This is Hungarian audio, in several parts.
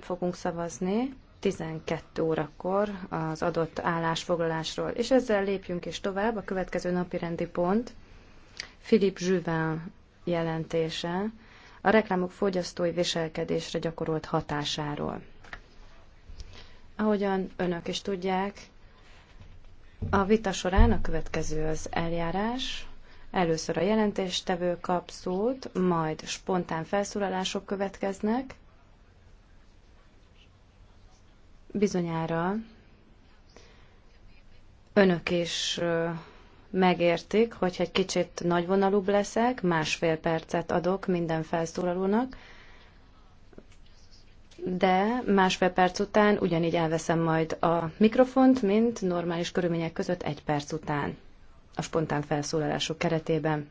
fogunk szavazni 12 órakor az adott állásfoglalásról. És ezzel lépjünk is tovább. A következő napi rendi pont Philip Juvin jelentése a reklámok fogyasztói viselkedésre gyakorolt hatásáról. Ahogyan önök is tudják, a vita során a következő az eljárás. Először a jelentéstevő kap szót, majd spontán felszólalások következnek, Bizonyára önök is megértik, hogy egy kicsit nagyvonalúbb leszek, másfél percet adok minden felszólalónak, de másfél perc után ugyanígy elveszem majd a mikrofont, mint normális körülmények között egy perc után a spontán felszólalások keretében.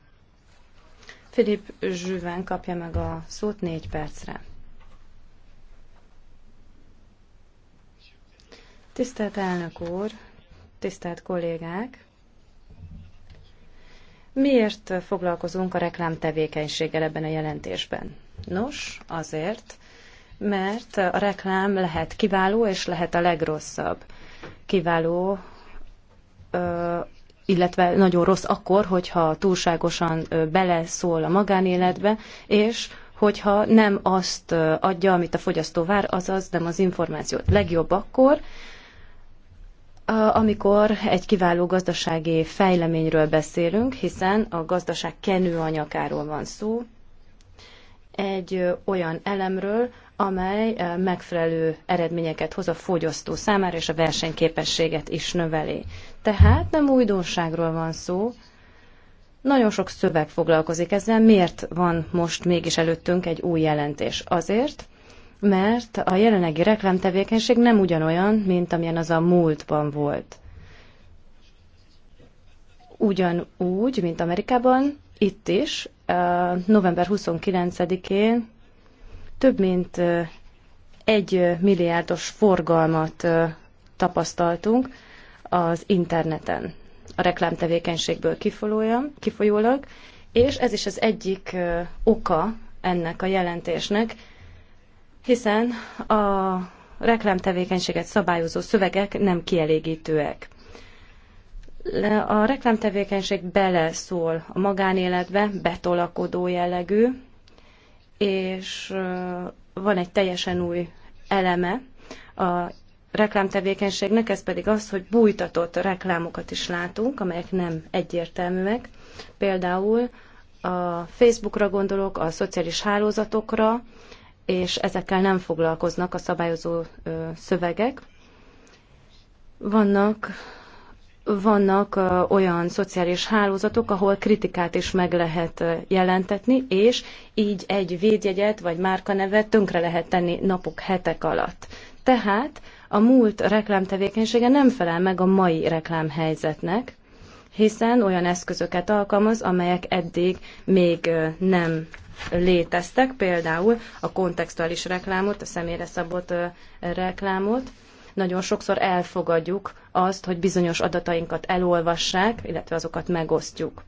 Filip Zsüven kapja meg a szót négy percre. Tisztelt elnök úr, tisztelt kollégák! Miért foglalkozunk a reklám tevékenységgel ebben a jelentésben? Nos, azért, mert a reklám lehet kiváló és lehet a legrosszabb. Kiváló, illetve nagyon rossz akkor, hogyha túlságosan beleszól a magánéletbe, és hogyha nem azt adja, amit a fogyasztó vár, azaz nem az információt. Legjobb akkor, amikor egy kiváló gazdasági fejleményről beszélünk, hiszen a gazdaság kenőanyakáról van szó, egy olyan elemről, amely megfelelő eredményeket hoz a fogyasztó számára, és a versenyképességet is növeli. Tehát nem újdonságról van szó, nagyon sok szöveg foglalkozik ezzel. Miért van most mégis előttünk egy új jelentés? Azért, mert a jelenlegi reklámtevékenység nem ugyanolyan, mint amilyen az a múltban volt. Ugyanúgy, mint Amerikában, itt is, november 29-én több mint egy milliárdos forgalmat tapasztaltunk az interneten a reklámtevékenységből kifolyólag, és ez is az egyik oka ennek a jelentésnek, hiszen a reklámtevékenységet szabályozó szövegek nem kielégítőek. A reklámtevékenység beleszól a magánéletbe, betolakodó jellegű, és van egy teljesen új eleme a reklámtevékenységnek, ez pedig az, hogy bújtatott reklámokat is látunk, amelyek nem egyértelműek. Például a Facebookra gondolok, a szociális hálózatokra, és ezekkel nem foglalkoznak a szabályozó szövegek. Vannak, vannak olyan szociális hálózatok, ahol kritikát is meg lehet jelentetni, és így egy védjegyet vagy márkanevet tönkre lehet tenni napok, hetek alatt. Tehát a múlt reklámtevékenysége nem felel meg a mai reklámhelyzetnek, hiszen olyan eszközöket alkalmaz, amelyek eddig még nem léteztek, például a kontextuális reklámot, a személyre szabott reklámot. Nagyon sokszor elfogadjuk azt, hogy bizonyos adatainkat elolvassák, illetve azokat megosztjuk.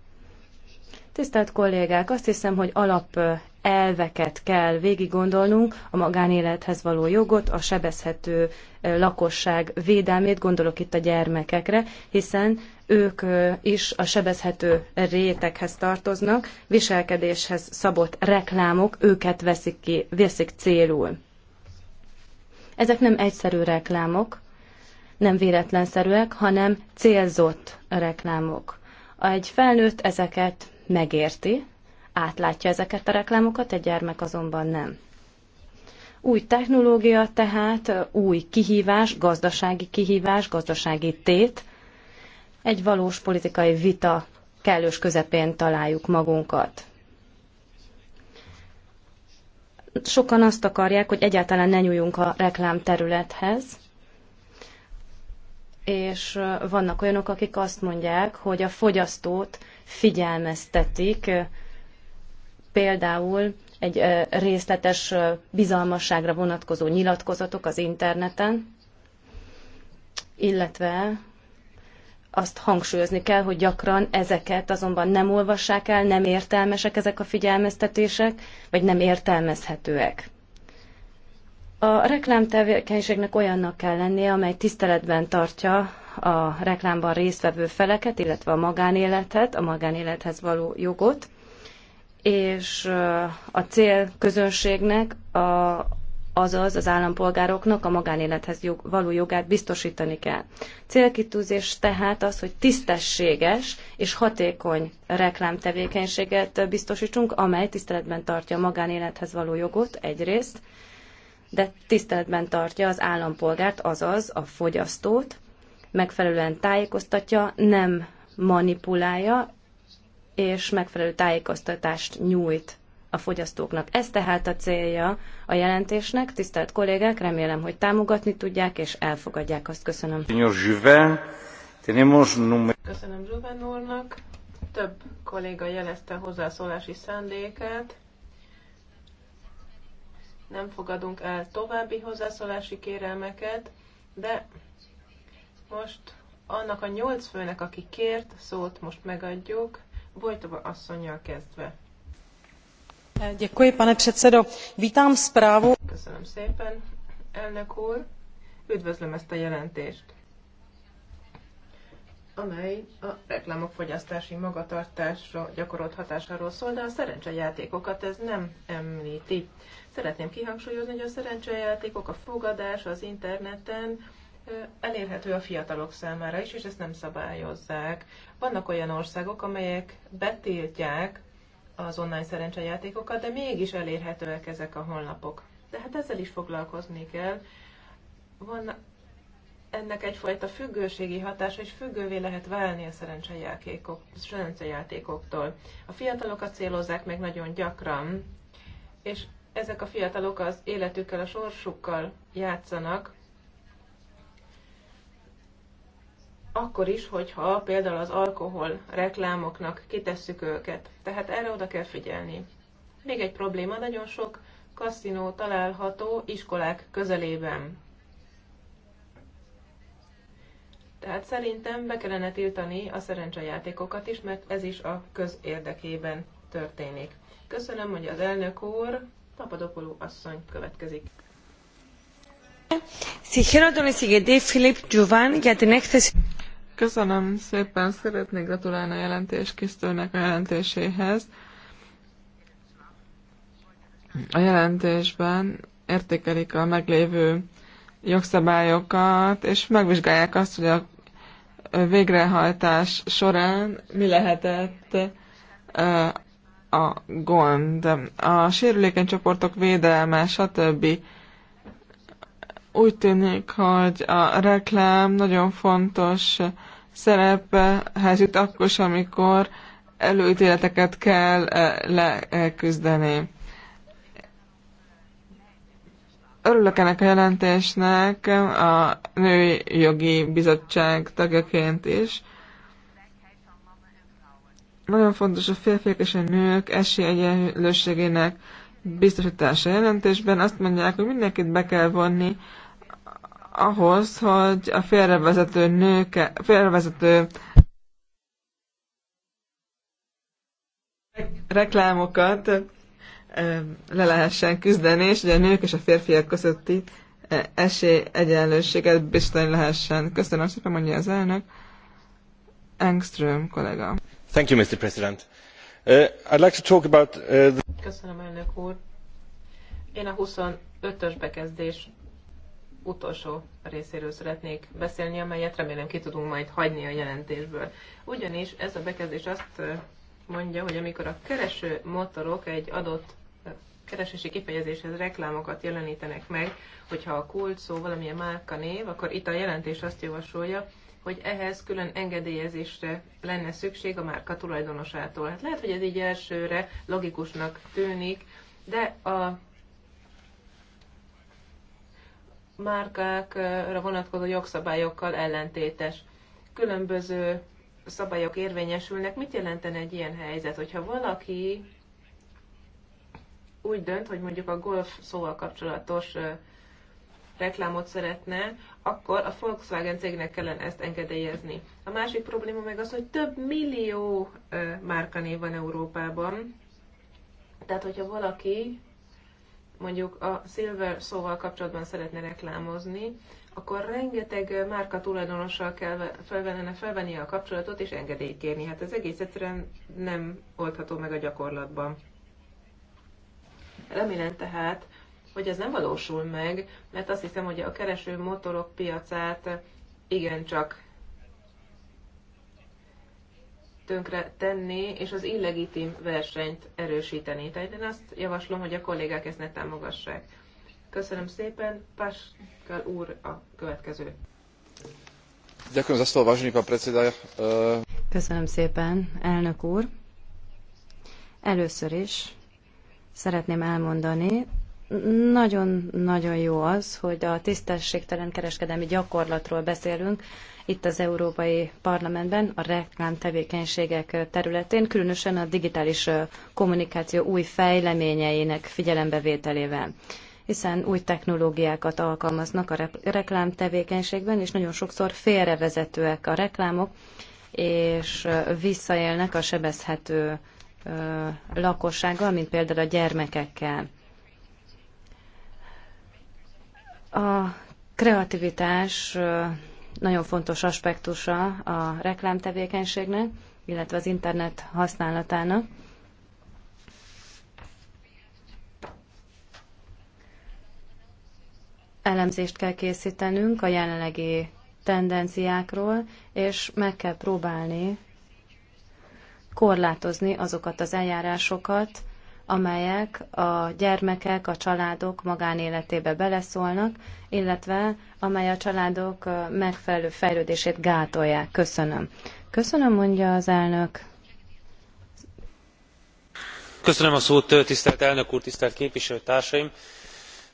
Tisztelt kollégák, azt hiszem, hogy alap elveket kell végig gondolnunk, a magánélethez való jogot, a sebezhető lakosság védelmét, gondolok itt a gyermekekre, hiszen ők is a sebezhető réteghez tartoznak, viselkedéshez szabott reklámok őket veszik ki, veszik célul. Ezek nem egyszerű reklámok, nem véletlenszerűek, hanem célzott reklámok. Egy felnőtt ezeket megérti, átlátja ezeket a reklámokat, egy gyermek azonban nem. Új technológia tehát, új kihívás, gazdasági kihívás, gazdasági tét – egy valós politikai vita kellős közepén találjuk magunkat. Sokan azt akarják, hogy egyáltalán ne nyújjunk a reklám területhez, és vannak olyanok, akik azt mondják, hogy a fogyasztót figyelmeztetik, például egy részletes bizalmasságra vonatkozó nyilatkozatok az interneten, illetve azt hangsúlyozni kell, hogy gyakran ezeket azonban nem olvassák el, nem értelmesek ezek a figyelmeztetések, vagy nem értelmezhetőek. A reklámtevékenységnek olyannak kell lennie, amely tiszteletben tartja a reklámban résztvevő feleket, illetve a magánéletet, a magánélethez való jogot, és a célközönségnek a, azaz az állampolgároknak a magánélethez jog, való jogát biztosítani kell. Célkitűzés tehát az, hogy tisztességes és hatékony reklámtevékenységet biztosítsunk, amely tiszteletben tartja a magánélethez való jogot egyrészt, de tiszteletben tartja az állampolgárt, azaz a fogyasztót, megfelelően tájékoztatja, nem manipulálja, és megfelelő tájékoztatást nyújt a fogyasztóknak. Ez tehát a célja a jelentésnek. Tisztelt kollégák, remélem, hogy támogatni tudják és elfogadják azt. Köszönöm. Köszönöm Zsuven úrnak. Több kolléga jelezte hozzászólási szándékát. Nem fogadunk el további hozzászólási kérelmeket, de most annak a nyolc főnek, aki kért, szót most megadjuk, Bojtova asszonyjal kezdve pane vítám zprávu Köszönöm szépen, elnök úr. Üdvözlöm ezt a jelentést, amely a reklámok fogyasztási magatartásra gyakorolt hatásáról szól, de a szerencsejátékokat ez nem említi. Szeretném kihangsúlyozni, hogy a szerencsejátékok, a fogadás az interneten elérhető a fiatalok számára is, és ezt nem szabályozzák. Vannak olyan országok, amelyek betiltják az online szerencsejátékokat, de mégis elérhetőek ezek a honlapok. Tehát ezzel is foglalkozni kell. Van ennek egyfajta függőségi hatása, és függővé lehet válni a szerencsejátékok, szerencsejátékoktól. A fiatalokat célozzák meg nagyon gyakran, és ezek a fiatalok az életükkel, a sorsukkal játszanak, akkor is, hogyha például az alkohol reklámoknak kitesszük őket. Tehát erre oda kell figyelni. Még egy probléma, nagyon sok kaszinó található iskolák közelében. Tehát szerintem be kellene tiltani a szerencsejátékokat is, mert ez is a közérdekében történik. Köszönöm, hogy az elnök úr, Papadopoulou asszony következik. Συγχαίρω τον εισηγητή Φιλίπ Τζουβάν για την έκθεση. Köszönöm szépen, szeretnék gratulálni a jelentés készítőnek a jelentéséhez. A jelentésben értékelik a meglévő jogszabályokat, és megvizsgálják azt, hogy a végrehajtás során mi lehetett a gond. A sérülékeny csoportok védelme, stb. Úgy tűnik, hogy a reklám nagyon fontos szerephez jut akkor is, amikor előítéleteket kell eh, leküzdeni. Örülök ennek a jelentésnek a Női Jogi Bizottság tagjaként is. Nagyon fontos a férfiak és a nők esélyegyenlőségének biztosítása jelentésben. Azt mondják, hogy mindenkit be kell vonni ahhoz, hogy a félrevezető nőke, félrevezető reklámokat le lehessen küzdeni, és hogy a nők és a férfiak közötti esély egyenlőséget biztosan lehessen. Köszönöm szépen, mondja az elnök. Engström kollega. Thank you, Mr. President. Uh, I'd like to talk about... Uh, the... Köszönöm, elnök úr. Én a 25-ös bekezdés utolsó részéről szeretnék beszélni, amelyet remélem ki tudunk majd hagyni a jelentésből. Ugyanis ez a bekezdés azt mondja, hogy amikor a kereső motorok egy adott keresési kifejezéshez reklámokat jelenítenek meg, hogyha a kult szó valamilyen márka név, akkor itt a jelentés azt javasolja, hogy ehhez külön engedélyezésre lenne szükség a márka tulajdonosától. Hát lehet, hogy ez így elsőre logikusnak tűnik, de a márkákra vonatkozó jogszabályokkal ellentétes. Különböző szabályok érvényesülnek. Mit jelenten egy ilyen helyzet, hogyha valaki úgy dönt, hogy mondjuk a golf szóval kapcsolatos reklámot szeretne, akkor a Volkswagen cégnek kellene ezt engedélyezni. A másik probléma meg az, hogy több millió márkanév van Európában. Tehát, hogyha valaki mondjuk a Silver szóval kapcsolatban szeretne reklámozni, akkor rengeteg márka tulajdonossal kell felvenne felvenni a kapcsolatot és engedélyt kérni. Hát ez egész egyszerűen nem oldható meg a gyakorlatban. Remélem tehát, hogy ez nem valósul meg, mert azt hiszem, hogy a kereső motorok piacát igencsak tönkre tenni, és az illegitim versenyt erősíteni. Tehát én azt javaslom, hogy a kollégák ezt ne támogassák. Köszönöm szépen, Páskal úr a következő. Ďakujem za slovo, vážený pán predseda. Eh, Köszönöm szépen, elnök úr. Először is szeretném elmondani, nagyon-nagyon jó az, hogy a tisztességtelen kereskedelmi gyakorlatról beszélünk itt az Európai Parlamentben, a reklám tevékenységek területén, különösen a digitális kommunikáció új fejleményeinek figyelembevételével hiszen új technológiákat alkalmaznak a reklám tevékenységben, és nagyon sokszor félrevezetőek a reklámok, és visszaélnek a sebezhető lakossággal, mint például a gyermekekkel. A kreativitás nagyon fontos aspektusa a reklámtevékenységnek, illetve az internet használatának. Elemzést kell készítenünk a jelenlegi tendenciákról, és meg kell próbálni korlátozni azokat az eljárásokat, amelyek a gyermekek, a családok magánéletébe beleszólnak, illetve amely a családok megfelelő fejlődését gátolják. Köszönöm. Köszönöm, mondja az elnök. Köszönöm a szót, tisztelt elnök úr, tisztelt képviselőtársaim!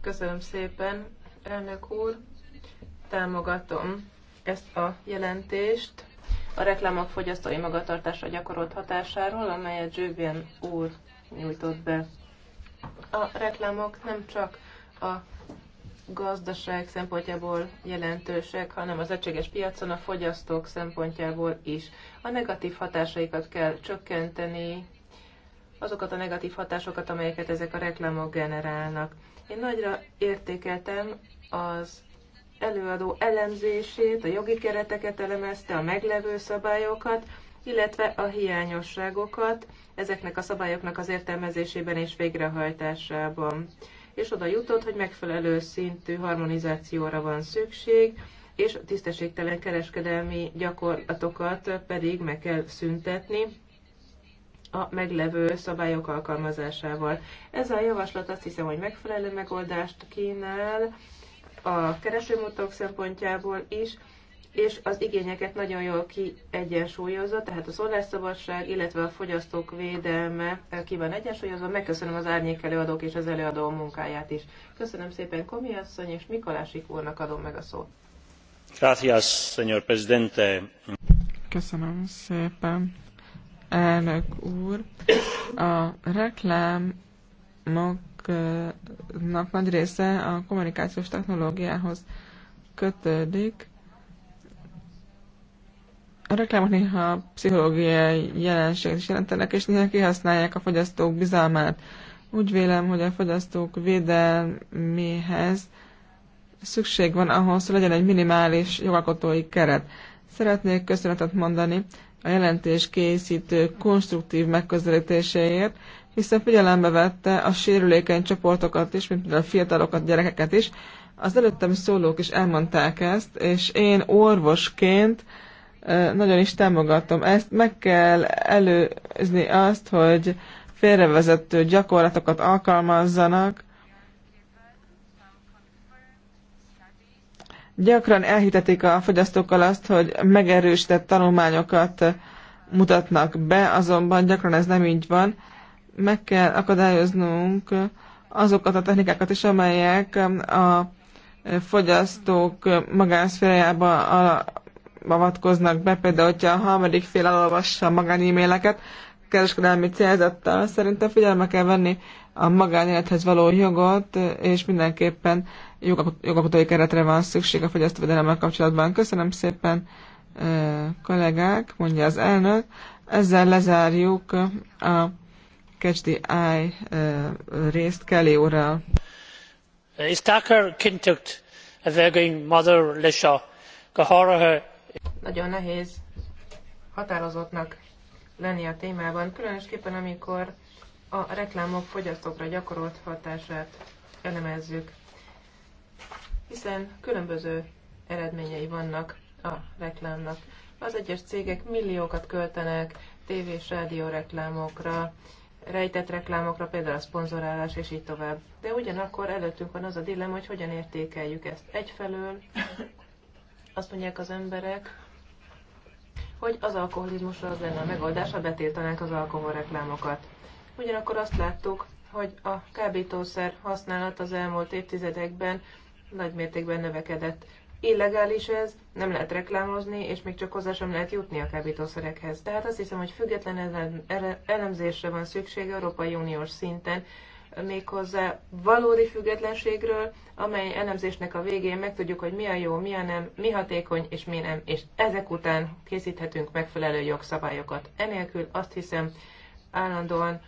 Köszönöm szépen, elnök úr. Támogatom ezt a jelentést a reklámok fogyasztói magatartásra gyakorolt hatásáról, amelyet Julian úr nyújtott be. A reklámok nem csak a gazdaság szempontjából jelentősek, hanem az egységes piacon a fogyasztók szempontjából is. A negatív hatásaikat kell csökkenteni, azokat a negatív hatásokat, amelyeket ezek a reklámok generálnak. Én nagyra értékeltem az előadó elemzését, a jogi kereteket elemezte, a meglevő szabályokat, illetve a hiányosságokat ezeknek a szabályoknak az értelmezésében és végrehajtásában. És oda jutott, hogy megfelelő szintű harmonizációra van szükség, és tisztességtelen kereskedelmi gyakorlatokat pedig meg kell szüntetni, a meglevő szabályok alkalmazásával. Ez a javaslat azt hiszem, hogy megfelelő megoldást kínál a keresőmutatók szempontjából is, és az igényeket nagyon jól kiegyensúlyozza, tehát a szólásszabadság, illetve a fogyasztók védelme ki van egyensúlyozva. Megköszönöm az árnyék előadók és az előadó munkáját is. Köszönöm szépen Komi asszony és Mikolásik úrnak adom meg a szót. Gracias, señor presidente. Köszönöm szépen, elnök úr. A reklámoknak nagy része a kommunikációs technológiához kötődik. A reklámok néha pszichológiai jelenséget is jelentenek, és néha kihasználják a fogyasztók bizalmát. Úgy vélem, hogy a fogyasztók védelméhez szükség van ahhoz, hogy legyen egy minimális jogalkotói keret. Szeretnék köszönetet mondani a jelentés készítő konstruktív megközelítéséért, hiszen figyelembe vette a sérülékeny csoportokat is, mint például a fiatalokat, gyerekeket is. Az előttem szólók is elmondták ezt, és én orvosként nagyon is támogatom ezt. Meg kell előzni azt, hogy félrevezető gyakorlatokat alkalmazzanak, Gyakran elhitetik a fogyasztókkal azt, hogy megerősített tanulmányokat mutatnak be, azonban gyakran ez nem így van. Meg kell akadályoznunk azokat a technikákat is, amelyek a fogyasztók magánszférájába avatkoznak be, például, hogyha a harmadik fél elolvassa e-maileket, kereskedelmi célzattal. Szerintem figyelme kell venni a magánélethez való jogot, és mindenképpen jogalkotói keretre van szükség a fogyasztóvédelemmel kapcsolatban. Köszönöm szépen, kollégák, mondja az elnök. Ezzel lezárjuk a Catch the Eye részt Kelly úrral. Nagyon nehéz határozottnak lenni a témában, különösképpen amikor a reklámok fogyasztókra gyakorolt hatását elemezzük, hiszen különböző eredményei vannak a reklámnak. Az egyes cégek milliókat költenek tévés, rádió reklámokra, rejtett reklámokra, például a szponzorálás, és így tovább. De ugyanakkor előttünk van az a dilemma, hogy hogyan értékeljük ezt. Egyfelől azt mondják az emberek, hogy az alkoholizmusra az lenne a megoldás, ha betiltanák az alkoholreklámokat. Ugyanakkor azt láttuk, hogy a kábítószer használat az elmúlt évtizedekben nagy mértékben növekedett. Illegális ez, nem lehet reklámozni, és még csak hozzá sem lehet jutni a kábítószerekhez. Tehát azt hiszem, hogy független elemzésre van szükség Európai Uniós szinten, méghozzá valódi függetlenségről, amely elemzésnek a végén megtudjuk, hogy mi a jó, mi a nem, mi hatékony és mi nem, és ezek után készíthetünk megfelelő jogszabályokat. Enélkül azt hiszem állandóan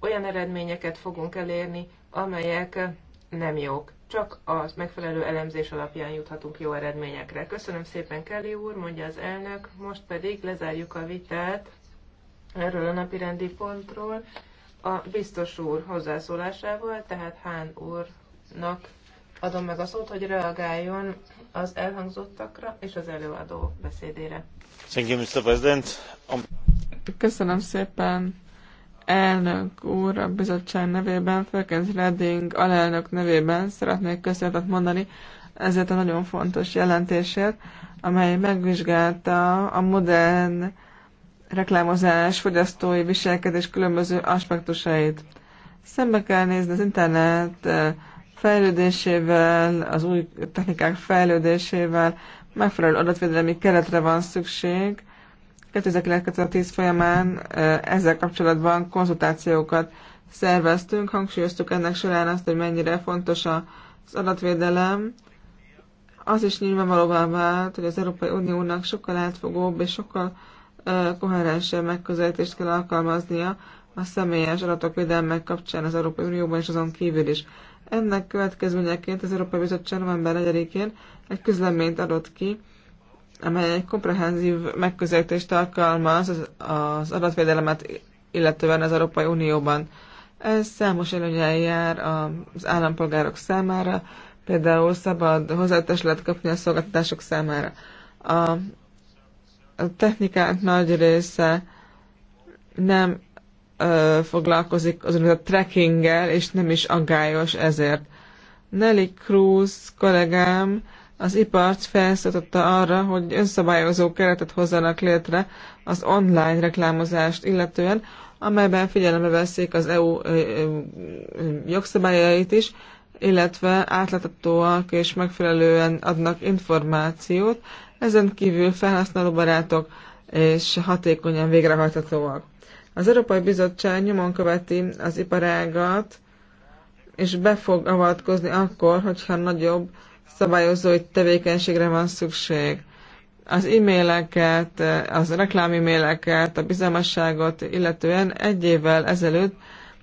olyan eredményeket fogunk elérni, amelyek nem jók. Csak az megfelelő elemzés alapján juthatunk jó eredményekre. Köszönöm szépen, Kelly úr, mondja az elnök. Most pedig lezárjuk a vitát erről a napirendi pontról a biztos úr hozzászólásával, tehát Hán úrnak adom meg a szót, hogy reagáljon az elhangzottakra és az előadó beszédére. Um, Köszönöm szépen, elnök úr, a bizottság nevében, főként Redding alelnök nevében szeretnék köszönetet mondani ezért a nagyon fontos jelentésért, amely megvizsgálta a modern reklámozás, fogyasztói viselkedés különböző aspektusait. Szembe kell nézni az internet eh, fejlődésével, az új technikák fejlődésével, megfelelő adatvédelmi keretre van szükség. 2009-2010 folyamán eh, ezzel kapcsolatban konzultációkat szerveztünk, hangsúlyoztuk ennek során azt, hogy mennyire fontos az adatvédelem. Az is nyilvánvalóvá vált, hogy az Európai Uniónak sokkal átfogóbb és sokkal koherens megközelítést kell alkalmaznia a személyes adatok védelme kapcsán az Európai Unióban és azon kívül is. Ennek következményeként az Európai Bizottság november 4-én egy közleményt adott ki, amely egy komprehenzív megközelítést alkalmaz az, az adatvédelemet, illetően az Európai Unióban. Ez számos előnyel jár az állampolgárok számára, például szabad hozzájutást lehet kapni a szolgáltatások számára. A a technikák nagy része nem ö, foglalkozik azon a trekkinggel, és nem is aggályos ezért. Nelly Cruz kollégám az ipart felszatotta arra, hogy önszabályozó keretet hozzanak létre az online reklámozást illetően, amelyben figyelembe veszik az EU jogszabályait is, illetve átláthatóak és megfelelően adnak információt, ezen kívül felhasználóbarátok és hatékonyan végrehajthatóak. Az Európai Bizottság nyomon követi az iparágat, és be fog avatkozni akkor, hogyha nagyobb szabályozói tevékenységre van szükség. Az e-maileket, az reklám e-maileket, a bizalmasságot illetően egy évvel ezelőtt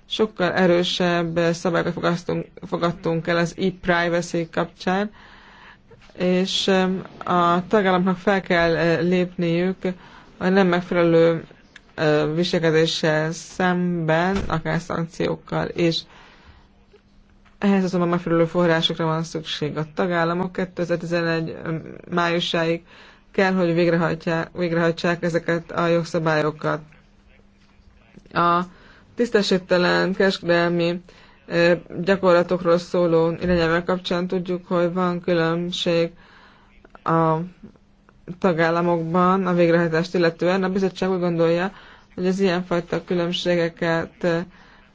sokkal erősebb szabályokat fogadtunk el az e-privacy kapcsán, és a tagállamnak fel kell eh, lépniük a nem megfelelő eh, viselkedéssel szemben, akár szankciókkal és Ehhez azonban megfelelő forrásokra van szükség. A tagállamok 2011 májusáig kell, hogy végrehajtsák ezeket a jogszabályokat. A tisztességtelen kereskedelmi gyakorlatokról szóló irányelvvel kapcsán tudjuk, hogy van különbség a tagállamokban a végrehajtást illetően. A bizottság úgy gondolja, hogy az ilyenfajta különbségeket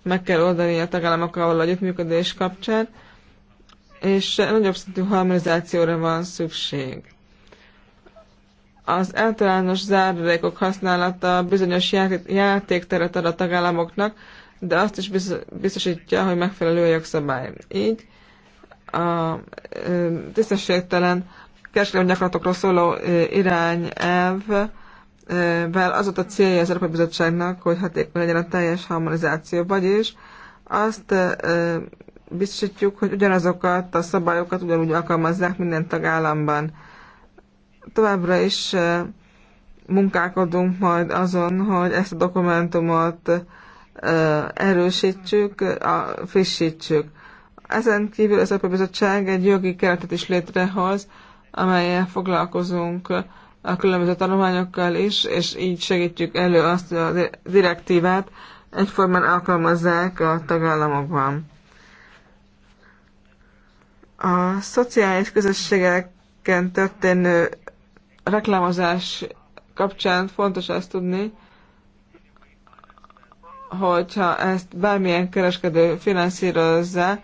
meg kell oldani a tagállamokkal való együttműködés kapcsán, és nagyobb szintű harmonizációra van szükség. Az általános zárulékok használata bizonyos játékteret ad a tagállamoknak, de azt is biztosítja, hogy megfelelő a jogszabály. Így a tisztességtelen kereskedelmi gyakorlatokról szóló irányelvvel az volt a célja az Európai Bizottságnak, hogy hatékony legyen a teljes harmonizáció, vagyis azt biztosítjuk, hogy ugyanazokat a szabályokat ugyanúgy alkalmazzák minden tagállamban. Továbbra is munkálkodunk majd azon, hogy ezt a dokumentumot erősítsük, a, frissítsük. Ezen kívül az Európai Bizottság egy jogi keretet is létrehoz, amelyen foglalkozunk a különböző tanulmányokkal is, és így segítjük elő azt, hogy a direktívát egyformán alkalmazzák a tagállamokban. A szociális közösségeken történő reklámozás kapcsán fontos azt tudni, hogyha ezt bármilyen kereskedő finanszírozza,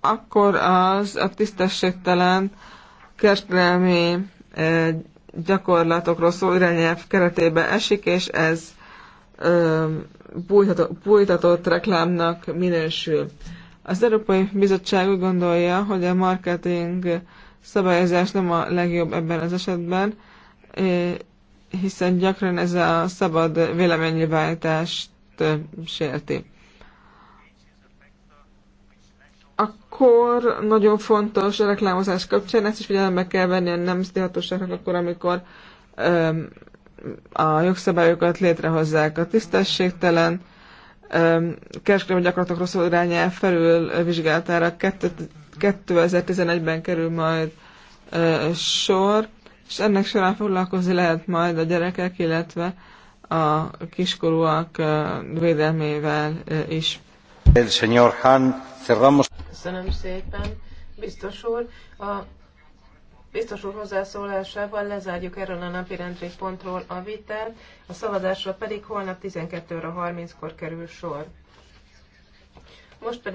akkor az a tisztességtelen kereskedelmi gyakorlatokról szóló irányelv keretébe esik, és ez bújtatott reklámnak minősül. Az Európai Bizottság úgy gondolja, hogy a marketing szabályozás nem a legjobb ebben az esetben, hiszen gyakran ez a szabad véleménynyilvánítást sérti. Akkor nagyon fontos a reklámozás kapcsán, ezt is figyelembe kell venni a nemzeti hatóságnak akkor, amikor öm, a jogszabályokat létrehozzák. A tisztességtelen kereskedelmi gyakorlatok rossz irányel felül vizsgálatára 2011-ben kerül majd ö, sor és ennek során foglalkozni lehet majd a gyerekek, illetve a kiskorúak védelmével is. Han, Köszönöm szépen, biztos úr. A biztos úr hozzászólásával lezárjuk erről a napi pontról a vitát, a szavazásra pedig holnap 12 óra 30-kor kerül sor. Most pedig